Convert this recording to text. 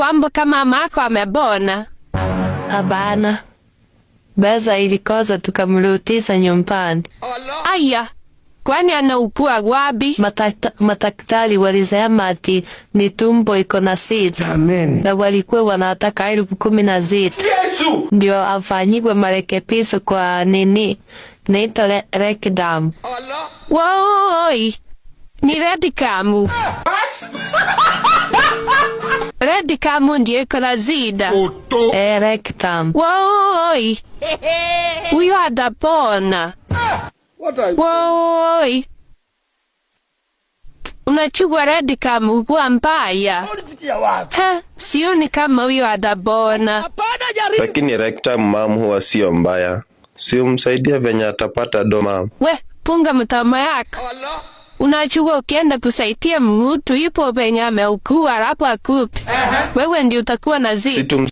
kwamba kama mako amebona. Habana Beza ilikoza tukamulutisa nyumbani. Aya, kwani anaukua wapi? Madaktari walisema ati ni tumbo iko na sita, na walikuwa wanataka elfu kumi na sita ndio afanyikwe marekebisho kwa nini naita Rekdam. Woi, ni Redikamu. Eh! Dikamundie Oto. erectam woi huyo adapona woi unachukua Redicam Ha, mbaya, ni kama huyo adapona. Lakini rekta mamu huwa sio mbaya, si msaidia venye atapata doma. We punga mtama yako. Unachukua ukienda kusaidia mtu ipo penye ameugua, hapo akupe wewe, ndio utakuwa na zii